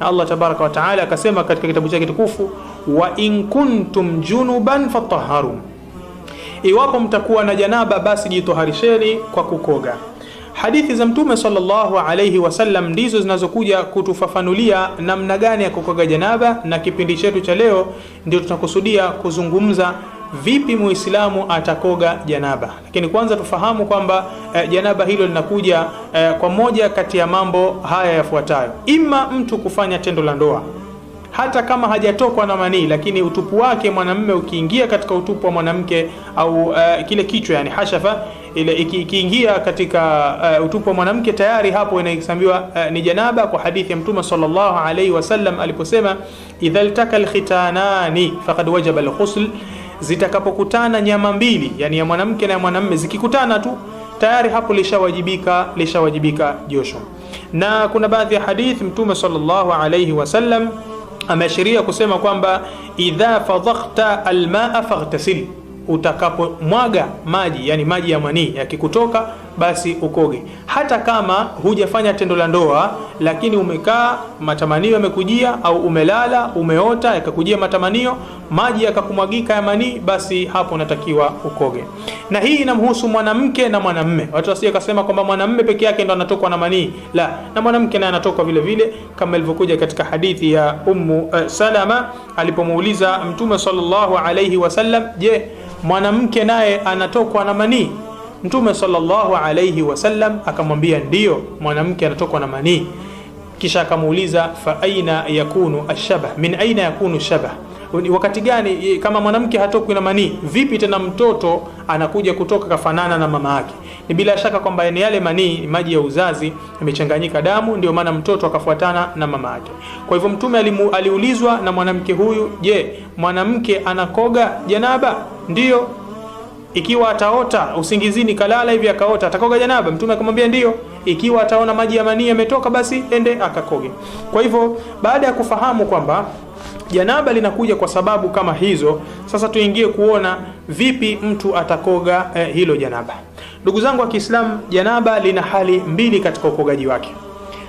Allah tabaraka wa taala akasema katika kitabu chake kitukufu, wa in kuntum junuban fatahharu, iwapo mtakuwa na janaba basi jitoharisheni kwa kukoga. Hadithi za Mtume sallallahu alayhi wasallam ndizo zinazokuja kutufafanulia namna gani ya kukoga janaba, na kipindi chetu cha leo ndio tunakusudia kuzungumza vipi muislamu atakoga janaba. Lakini kwanza tufahamu kwamba e, janaba hilo linakuja e, kwa moja kati ya mambo haya yafuatayo: ima mtu kufanya tendo la ndoa hata kama hajatokwa na manii, lakini utupu wake mwanamume ukiingia katika utupu wa mwanamke au uh, kile kichwa, yani hashafa ile ikiingia katika uh, utupu wa mwanamke, tayari hapo inahesabiwa uh, ni janaba, kwa hadithi ya Mtume sallallahu alaihi wasallam aliposema, idha iltaka alkhitanani faqad wajaba alghusl zitakapokutana nyama mbili, yani ya mwanamke na ya mwanamume zikikutana tu tayari hapo lishawajibika lishawajibika josho. Na kuna baadhi ya hadithi Mtume sallallahu alayhi wasallam ameashiria kusema kwamba idha fadhakhta almaa faghtasil, utakapomwaga maji yani maji ya manii yakikutoka basi ukoge hata kama hujafanya tendo la ndoa, lakini umekaa matamanio yamekujia, au umelala umeota yakakujia matamanio, maji yakakumwagika ya manii, basi hapo unatakiwa ukoge. Na hii inamhusu mwanamke na mwanamme. Watu wasije kasema kwamba mwanamme peke yake ndo anatokwa na manii, la, na mwanamke naye anatokwa vile vile, kama ilivyokuja katika hadithi ya Ummu uh, Salama alipomuuliza Mtume sallallahu alayhi wasallam, je, mwanamke naye anatokwa na manii? Mtume sallallahu alayhi wasallam akamwambia ndiyo, mwanamke anatokwa na manii. Kisha akamuuliza fa aina yakunu ashabah, min aina yakunu shabah, wakati gani? Kama mwanamke hatokwi na manii, vipi tena mtoto anakuja kutoka kafanana na mama yake? Ni bila shaka kwamba ni yale manii, maji ya uzazi yamechanganyika damu, ndio maana mtoto akafuatana na mama yake. Kwa hivyo Mtume alimu, aliulizwa na mwanamke huyu, je, mwanamke anakoga janaba? Ndiyo. Ikiwa ataota usingizini kalala hivi akaota atakoga janaba? Mtume akamwambia ndiyo. Ikiwa ataona maji ya manii yametoka, basi ende akakoge. Kwa hivyo baada ya kufahamu kwamba janaba linakuja kwa sababu kama hizo, sasa tuingie kuona vipi mtu atakoga eh, hilo janaba. Ndugu zangu wa Kiislamu, janaba lina hali mbili katika ukogaji wake.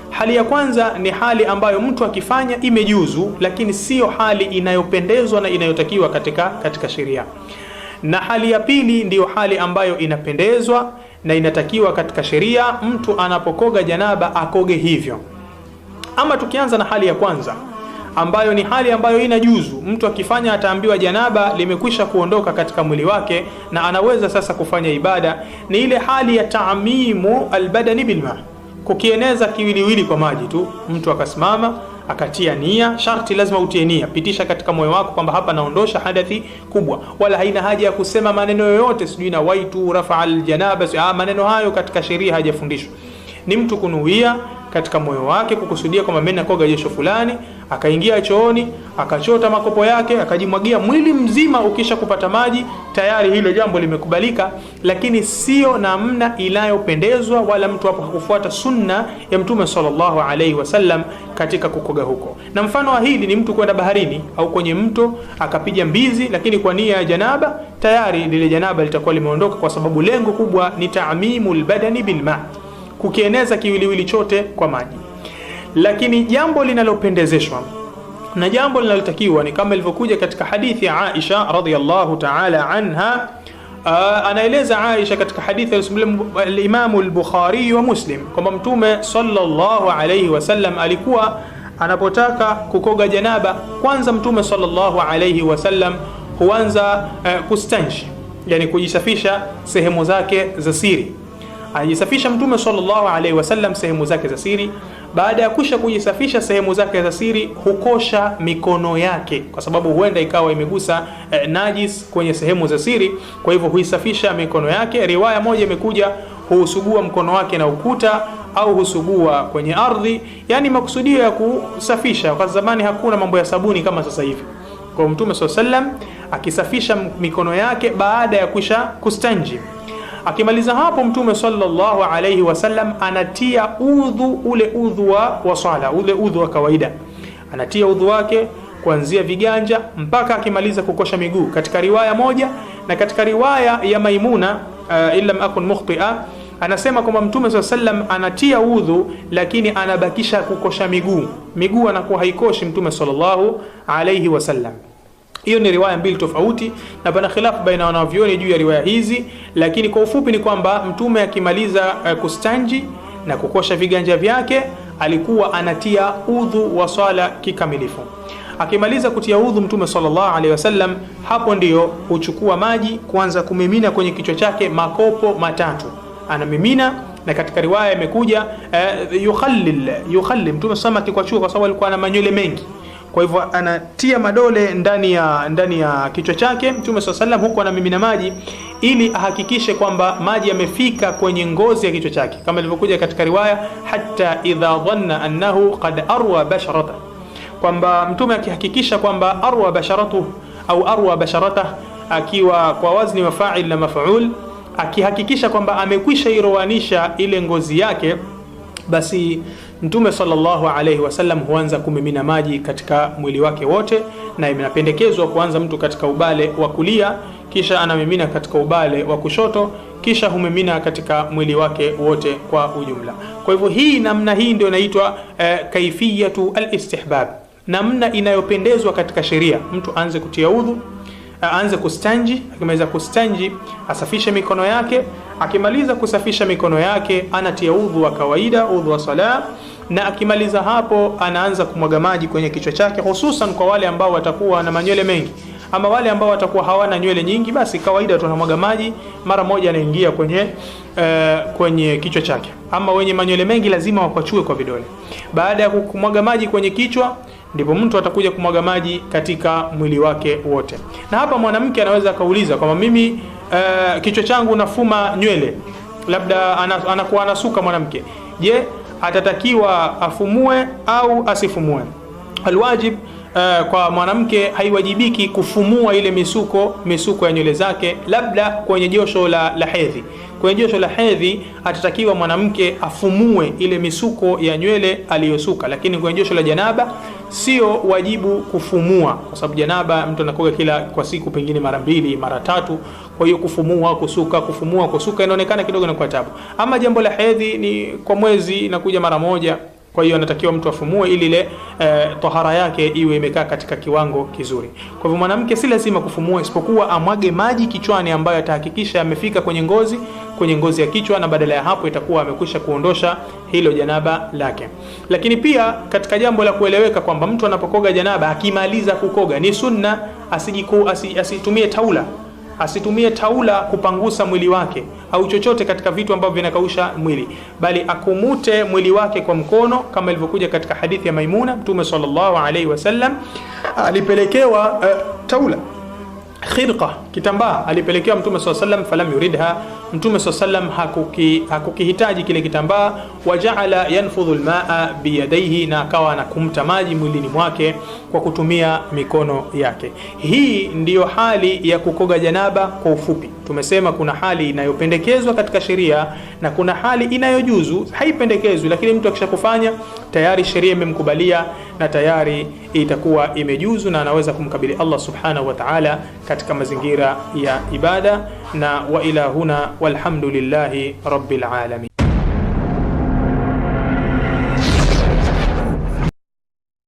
Hali ya kwanza ni hali ambayo mtu akifanya imejuzu, lakini siyo hali inayopendezwa na inayotakiwa katika, katika sheria na hali ya pili ndiyo hali ambayo inapendezwa na inatakiwa katika sheria, mtu anapokoga janaba akoge hivyo. Ama tukianza na hali ya kwanza ambayo ni hali ambayo inajuzu, mtu akifanya ataambiwa janaba limekwisha kuondoka katika mwili wake na anaweza sasa kufanya ibada, ni ile hali ya taamimu albadani bilma, kukieneza kiwiliwili kwa maji tu, mtu akasimama akatia nia. Sharti lazima utie nia, pitisha katika moyo wako kwamba hapa naondosha hadathi kubwa, wala haina haja ya kusema maneno yoyote, sijui na waitu rafa aljanaba, ah, maneno hayo katika sheria hajafundishwa. Ni mtu kunuia katika moyo wake kukusudia kwamba mimi nakoga jesho fulani Akaingia chooni akachota makopo yake akajimwagia mwili mzima. Ukisha kupata maji tayari hilo jambo limekubalika, lakini sio namna inayopendezwa, wala mtu hapo hakufuata sunna ya Mtume sallallahu alaihi wasallam katika kukoga huko. Na mfano wa hili ni mtu kwenda baharini au kwenye mto akapiga mbizi, lakini kwa nia ya janaba, tayari lile janaba litakuwa limeondoka, kwa sababu lengo kubwa ni taamimul badani bilma, kukieneza kiwiliwili chote kwa maji. Lakini jambo linalopendezeshwa na jambo linalotakiwa ni kama ilivyokuja katika hadithi ya Aisha radhiyallahu ta'ala anha. Uh, anaeleza Aisha katika hadithi ya al al-Bukhari wa Muslim kwamba Mtume sallallahu alayhi wasallam alikuwa anapotaka kukoga janaba, kwanza Mtume sallallahu alayhi wasallam huanza uh, kustanji, yani kujisafisha sehemu zake za siri. Anajisafisha Mtume sallallahu alaihi wasallam sehemu zake za siri. Baada ya kusha kujisafisha sehemu zake za siri, hukosha mikono yake, kwa sababu huenda ikawa imegusa eh, najis kwenye sehemu za siri. Kwa hivyo huisafisha mikono yake. Riwaya moja imekuja husugua mkono wake na ukuta au husugua kwenye ardhi, yani makusudio ya kusafisha, kwa zamani hakuna mambo ya sabuni kama sasa hivi. Kwa Mtume sallallahu alaihi wasallam akisafisha mikono yake baada ya kusha kustanji Akimaliza hapo Mtume sallallahu alayhi wasallam anatia udhu, ule udhu wa swala ule udhu wa kawaida, anatia udhu wake kuanzia viganja mpaka akimaliza kukosha miguu, katika riwaya moja na katika riwaya ya Maimuna uh, illa akun mukhtia anasema kwamba Mtume swalla sallam anatia udhu, lakini anabakisha kukosha miguu. Miguu anakuwa haikoshi Mtume sallallahu alayhi wasallam. Hiyo ni riwaya mbili tofauti na pana khilafu baina wanavyoni juu ya riwaya hizi, lakini kwa ufupi ni kwamba mtume akimaliza uh, kustanji na kukosha viganja vyake alikuwa anatia udhu wa swala kikamilifu. Akimaliza kutia udhu, mtume sallallahu alaihi wasallam hapo ndiyo huchukua maji kuanza kumimina kwenye kichwa chake makopo matatu, anamimina na katika riwaya imekuja eh, yukhallil yukhalil, mtume sallallahu alaihi wasallam akikwachua, kwa sababu alikuwa na manywele mengi kwa hivyo anatia madole ndani ya ndani ya kichwa chake Mtume swalla sallam, huku anamimina maji ili ahakikishe kwamba maji yamefika kwenye ngozi ya kichwa chake, kama ilivyokuja katika riwaya hatta idha dhanna annahu qad arwa basharata, kwamba Mtume akihakikisha kwamba arwa basharatu au arwa basharata, akiwa kwa wazni wa fa'il na maf'ul, akihakikisha kwamba amekwisha irowanisha ile ngozi yake, basi Mtume sallallahu alaihi wasallam huanza kumimina maji katika mwili wake wote, na inapendekezwa kuanza mtu katika ubale wa kulia, kisha anamimina katika ubale wa kushoto, kisha humimina katika mwili wake wote kwa ujumla. Kwa hivyo hii namna hii ndio inaitwa eh, kaifiyatu alistihbab, namna inayopendezwa katika sheria, mtu aanze kutia udhu Eh, aanze kustanji. Akimaliza kustanji, asafishe mikono yake. Akimaliza kusafisha mikono yake, anatia udhu wa kawaida, udhu wa sala, na akimaliza hapo, anaanza kumwaga maji kwenye kichwa chake, hususan kwa wale ambao watakuwa na manywele mengi ama wale ambao watakuwa hawana nywele nyingi, basi kawaida tunamwaga maji mara moja, anaingia kwenye uh, kwenye kichwa chake. Ama wenye manywele mengi lazima wapachue kwa vidole. Baada ya kumwaga maji kwenye kichwa, ndipo mtu atakuja kumwaga maji katika mwili wake wote. Na hapa mwanamke anaweza akauliza kwamba mimi uh, kichwa changu nafuma nywele, labda anakuwa anasuka mwanamke, je, atatakiwa afumue au asifumue? Alwajib uh, kwa mwanamke haiwajibiki kufumua ile misuko misuko ya nywele zake, labda kwenye josho la, la hedhi. Kwenye josho la hedhi atatakiwa mwanamke afumue ile misuko ya nywele aliyosuka, lakini kwenye josho la janaba sio wajibu kufumua, kwa sababu janaba mtu anakoga kila kwa siku pengine mara mbili mara tatu. Kwa hiyo kufumua kusuka, kufumua kusuka inaonekana kidogo kwa tabu. Ama jambo la hedhi ni kwa mwezi inakuja mara moja kwa hiyo anatakiwa mtu afumue ili ile e, tohara yake iwe imekaa katika kiwango kizuri. Kwa hivyo mwanamke si lazima kufumua, isipokuwa amwage maji kichwani ambayo atahakikisha amefika kwenye ngozi kwenye ngozi ya kichwa, na badala ya hapo itakuwa amekwisha kuondosha hilo janaba lake. Lakini pia katika jambo la kueleweka kwamba mtu anapokoga janaba akimaliza kukoga ni sunna asijiku, asitumie taula asitumie taula kupangusa mwili wake au chochote katika vitu ambavyo vinakausha mwili, bali akumute mwili wake kwa mkono, kama ilivyokuja katika hadithi ya Maimuna. Mtume sallallahu alaihi wasallam alipelekewa uh, taula khirqa, kitambaa alipelekewa Mtume sallallahu alaihi wasallam, falam yuridha Mtume swalla sallam hakuki hakukihitaji kile kitambaa, wajaala yanfudhu lmaa biyadaihi, na akawa anakumta maji mwilini mwake kwa kutumia mikono yake. Hii ndiyo hali ya kukoga janaba kwa ufupi. Tumesema kuna hali inayopendekezwa katika sheria na kuna hali inayojuzu, haipendekezwi, lakini mtu akishakufanya tayari sheria imemkubalia na tayari itakuwa imejuzu na anaweza kumkabili Allah subhanahu wa ta'ala katika mazingira ya ibada. na wa ila huna walhamdulillahi rabbil alamin